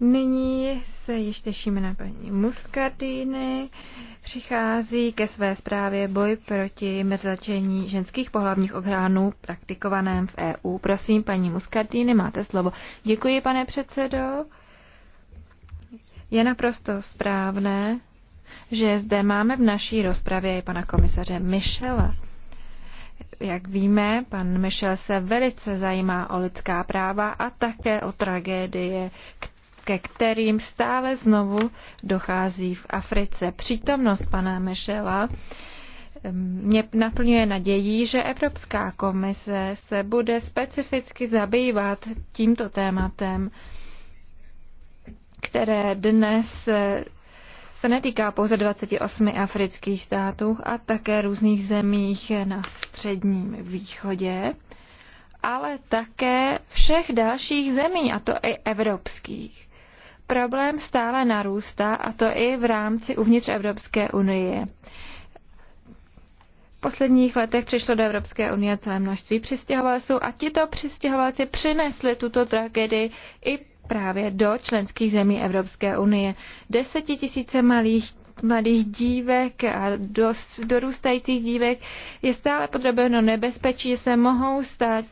Nyní se již těšíme na paní Muscardini. Přichází ke své zprávě boj proti mrzačení ženských pohlavních orgánů praktikovaném v EU. Prosím, paní Muscardini, máte slovo. Děkuji, pane předsedo. Je naprosto správné, že zde máme v naší rozpravě i pana komisaře Michela. Jak víme, pan Michel se velice zajímá o lidská práva a také o tragédie, které ke kterým stále znovu dochází v Africe. Přítomnost pana Mešela mě naplňuje nadějí, že Evropská komise se bude specificky zabývat tímto tématem, které dnes eh, se netýká pouze 28 afrických států a také různých zemích na středním východě, ale také všech dalších zemí, a to i evropských. Problém stále narůstá a to i v rámci uvnitř Evropské unie. V posledních letech přišlo do Evropské unie celé množství přistěhovalců a tito přistěhovalci přinesli tuto tragédii i právě do členských zemí Evropské unie. Desetitisíce malých mladých dívek a dost, dorůstajících dívek je stále podrobeno nebezpečí, že se mohou stát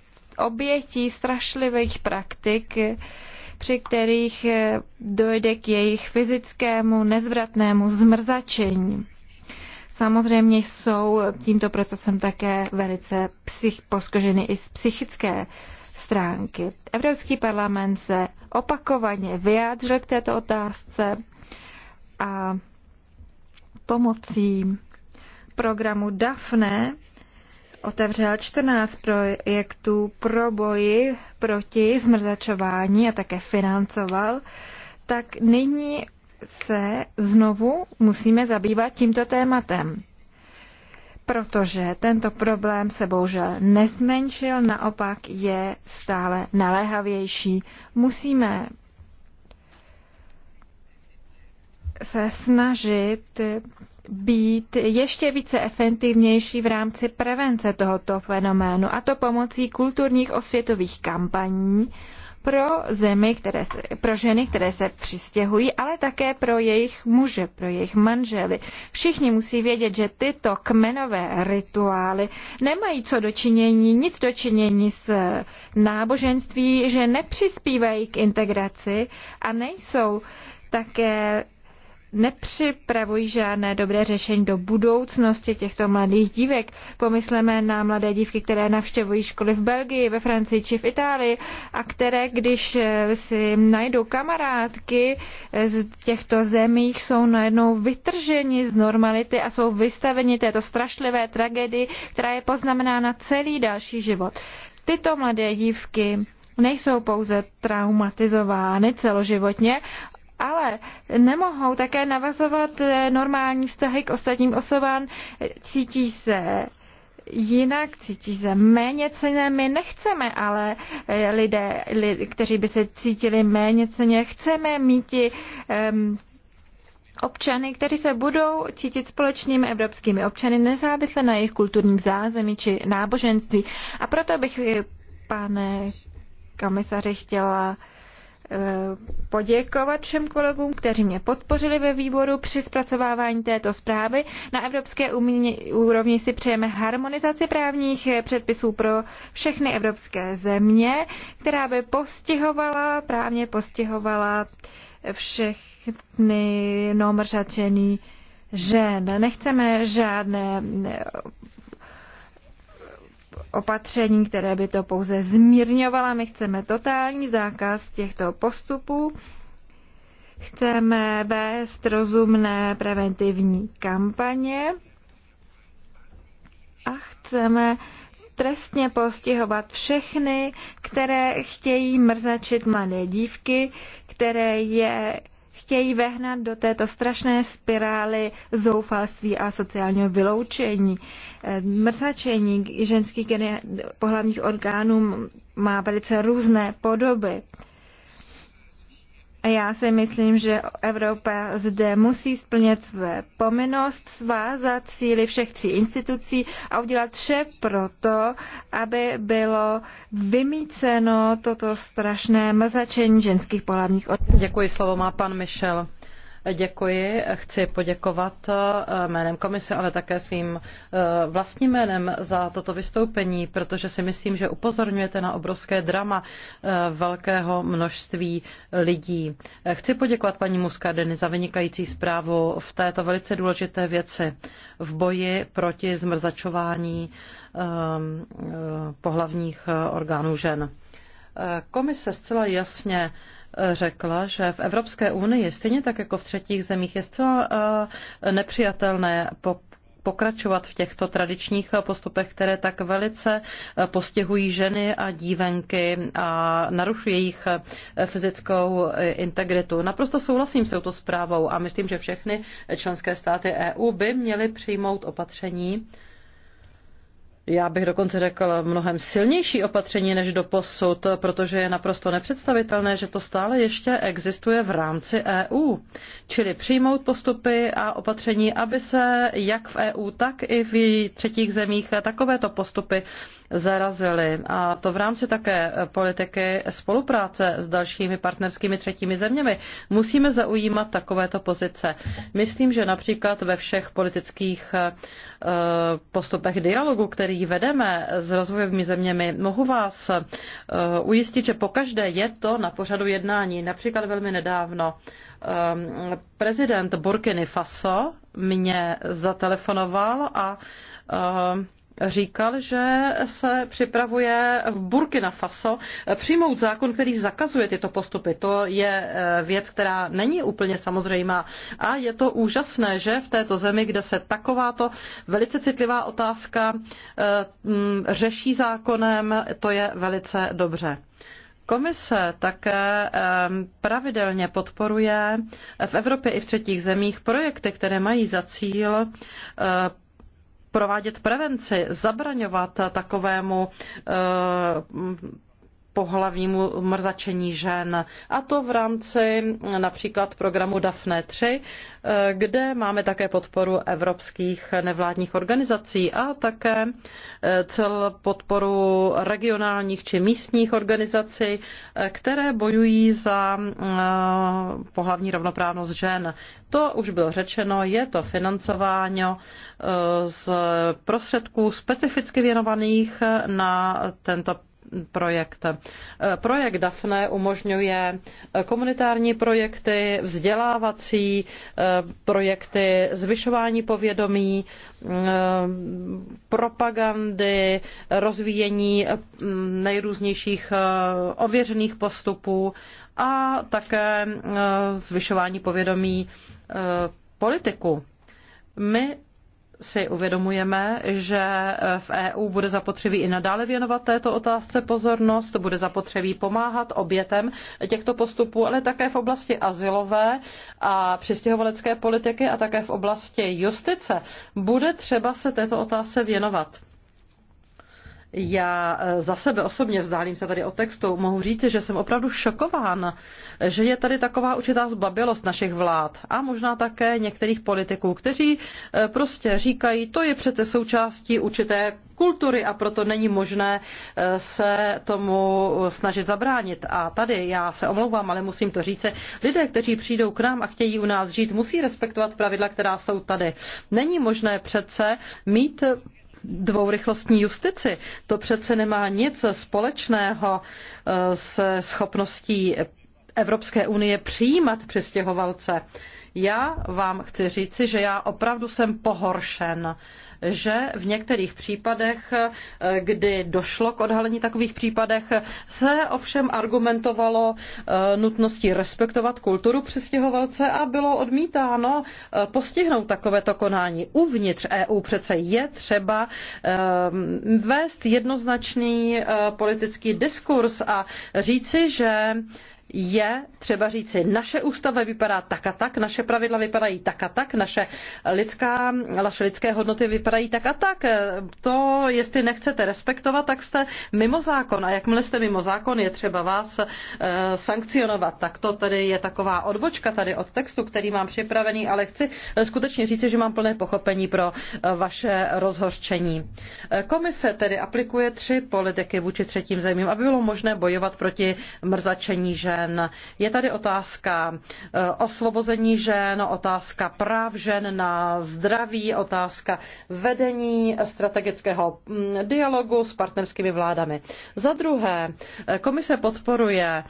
obětí strašlivých praktik, při kterých eh, dojde k jejich fyzickému nezvratnému zmrzačení. Samozřejmě jsou tímto procesem také velice psych, poskoženy i z psychické stránky. Evropský parlament se opakovaně vyjádřil k této otázce a pomocí programu DAFNE otevřel 14 projektů pro boji proti zmrzačování a také financoval, tak nyní se znovu musíme zabývat tímto tématem. Protože tento problém se bohužel nezmenšil, naopak je stále naléhavější. Musíme se snažit být ještě více efektivnější v rámci prevence tohoto fenoménu, a to pomocí kulturních osvětových kampaní pro, zemi, které se, pro ženy, které se přistěhují, ale také pro jejich muže, pro jejich manžely. Všichni musí vědět, že tyto kmenové rituály nemají co dočinění, nic dočinění s náboženství, že nepřispívají k integraci a nejsou také nepřipravují žádné dobré řešení do budoucnosti těchto mladých dívek. Pomysleme na mladé dívky, které navštěvují školy v Belgii, ve Francii či v Itálii a které, když eh, si najdou kamarádky eh, z těchto zemích, jsou najednou vytrženi z normality a jsou vystaveni této strašlivé tragédii, která je poznamenána celý další život. Tyto mladé dívky nejsou pouze traumatizovány celoživotně, ale nemohou také navazovat eh, normální vztahy k ostatním osobám, cítí se jinak, cítí se méně cené. My nechceme, ale eh, lidé, lidé kteří by se cítili méně ceně, chceme mít i, um, občany, kteří se budou cítit společnými evropskými občany nezávisle na jejich kulturním zázemí či náboženství. A proto bych, eh, pane komisaři, chtěla Eh, poděkovat všem kolegům, kteří mě podpořili ve výboru při zpracovávání této zprávy. Na evropské úrovni si přejeme harmonizaci právních předpisů pro všechny evropské země, která by postihovala, právně postihovala všechny nomřačený žen. Nechceme žádné opatření, které by to pouze zmírňovala. My chceme totální zákaz těchto postupů. Chceme vést rozumné preventivní kampaně a chceme trestně postihovat všechny, které chtějí mrzačit mladé dívky, které je chtějí vehnat do této strašné spirály zoufalství a sociálního vyloučení. Mrzačení ženských pohlavních orgánů má velice různé podoby. A já si myslím, že Evropa zde musí splnit své povinnost, svázat síly všech tří institucí a udělat vše proto, aby bylo vymíceno toto strašné mrzačení ženských pohlavních orgánů. Děkuji, slovo má pan Michel. Děkuji. Chci poděkovat eh, jménem komise, ale také svým eh, vlastním jménem za toto vystoupení, protože si myslím, že upozorňujete na obrovské drama eh, velkého množství lidí. Chci poděkovat paní Muskardeny za vynikající zprávu v této velice důležité věci v boji proti zmrzačování ehm, pohlavních orgánů žen. Komise zcela jasně řekla, že v Evropské unii, stejně tak jako v třetích zemích, je zcela eh, nepřijatelné pokračovat v těchto tradičních eh, postupech, které tak velice eh, postihují ženy a dívenky a narušují jejich fyzickou integritu. Naprosto souhlasím s touto zprávou a myslím, že všechny členské státy EU by měly přijmout opatření, já bych dokonce řekl mnohem silnější opatření než do posud, protože je naprosto nepředstavitelné, že to stále ještě existuje v rámci EU. Čili přijmout postupy a opatření, aby se jak v EU, tak i v třetích zemích takovéto postupy zarazily. A to v rámci také politiky spolupráce s dalšími partnerskými třetími zeměmi. Musíme zaujímat takovéto pozice. Myslím, že například ve všech politických eh, postupech dialogu, který vedeme s rozvojovými zeměmi, mohu vás eh, ujistit, že pokaždé je to na pořadu jednání. Například velmi nedávno eh, prezident Burkiny Faso mě zatelefonoval a říkal, že se připravuje v Burkina Faso přijmout zákon, který zakazuje tyto postupy. To je eh, věc, která není úplně samozřejmá a je to úžasné, že v této zemi, kde se takováto velice citlivá otázka eh, mm, řeší zákonem, to je velice dobře. Komise také eh, pravidelně podporuje v Evropě i v třetích zemích projekty, které mají za cíl provádět prevenci, zabraňovat takovému eh, pohlavnímu mrzačení žen. A to v rámci například programu DAFNE 3, eh, kde máme také podporu evropských nevládních organizací a také eh, cel podporu regionálních či místních organizací, eh, které bojují za pohlavní rovnoprávnost žen. To už bylo řečeno, je to financování z prostředků specificky věnovaných na tento projekt. Projekt DAFNE umožňuje komunitární projekty, vzdělávací eh, projekty, zvyšování povědomí, eh, propagandy, rozvíjení mm, nejrůznějších eh, ověřených postupů a také zvyšování povědomí politiku. My si uvědomujeme, že v EU bude zapotřebí i nadále věnovat této otázce pozornost, bude zapotřebí pomáhat obětem těchto postupů, ale také v oblasti asilové a přistěhovalecké politiky a také v oblasti justice. Bude třeba se této otázce věnovat. Já eh, za sebe osobně vzdálím se tady o textu. Mohu říct, že jsem opravdu šokován, že je tady taková určitá zbabilost našich vlád a možná také některých politiků, kteří eh, prostě říkají, to je přece součástí určité kultury a proto není možné eh, se tomu snažit zabránit. A tady já se omlouvám, ale musím to říct. Lidé, kteří přijdou k nám a chtějí u nás žít, musí respektovat pravidla, která jsou tady. Není možné přece mít dvourychlostní justici. To přece nemá nic společného eh, se schopností Evropské unie přijímat přistěhovalce. Já vám chci říci, že já opravdu jsem pohoršen, že v některých případech, eh, kdy došlo k odhalení takových případech, se ovšem argumentovalo eh, nutností respektovat kulturu přistěhovalce a bylo odmítáno eh, postihnout takovéto konání. Uvnitř EU přece je třeba vést jednoznačný politický diskurs a říci, že je třeba říci, naše ústava vypadá tak a tak, naše pravidla vypadají tak a tak, naše, lidská, naše lidské hodnoty vypadají tak a tak. To, jestli nechcete respektovat, tak jste mimo zákon. A jakmile jste mimo zákon, je třeba vás eh, sankcionovat. Tak to tady je taková odbočka tady od textu, který mám připravený, ale chci eh, skutečně říci, že mám plné pochopení pro eh, vaše rozhořčení. Komise tedy aplikuje tři politiky vůči třetím zemím, aby bylo možné bojovat proti mrzačení žen žen. Je tady otázka eh, osvobození žen, otázka práv žen na zdraví, otázka vedení strategického mm, dialogu s partnerskými vládami. Za druhé, eh, komise podporuje eh,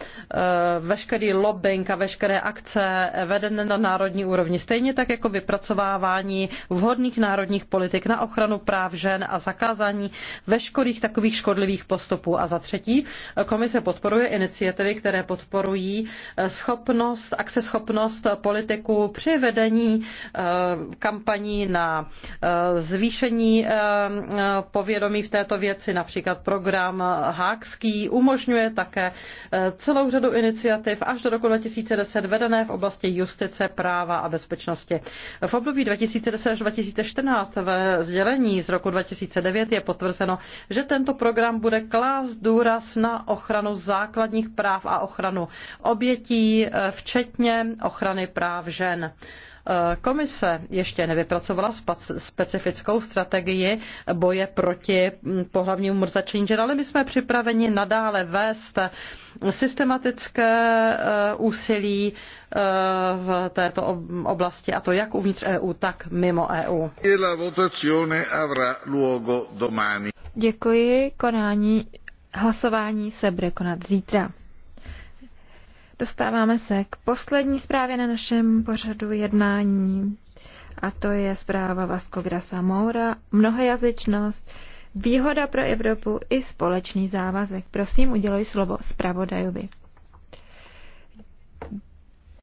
veškerý lobbying a veškeré akce vedené na národní úrovni, stejně tak jako vypracovávání vhodných národních politik na ochranu práv žen a zakázání veškerých takových škodlivých postupů. A za třetí, komise podporuje iniciativy, které podporují podporují eh, schopnost, akceschopnost politiků při vedení eh, kampaní na eh, zvýšení povědomí v této věci, například program Hákský umožňuje také celou řadu iniciativ až do roku 2010 vedené v oblasti justice, práva a bezpečnosti. V období 2010 až 2014 ve sdělení z roku 2009 je potvrzeno, že tento program bude klást důraz na ochranu základních práv a ochranu obětí, eh, včetně ochrany práv žen. Eh, komise ještě nevypracovala specifickou strategii boje proti mm, pohlavnímu mrzačení žen, ale my jsme připraveni nadále vést systematické eh, úsilí v této oblasti, a to jak uvnitř EU, tak mimo EU. E Děkuji, konání hlasování se bude konat zítra. Dostáváme se k poslední zprávě na našem pořadu jednání. A to je zpráva Vasco Grasa Moura, mnohojazyčnost, výhoda pro Evropu i společný závazek. Prosím, uděluj slovo zpravodajovi.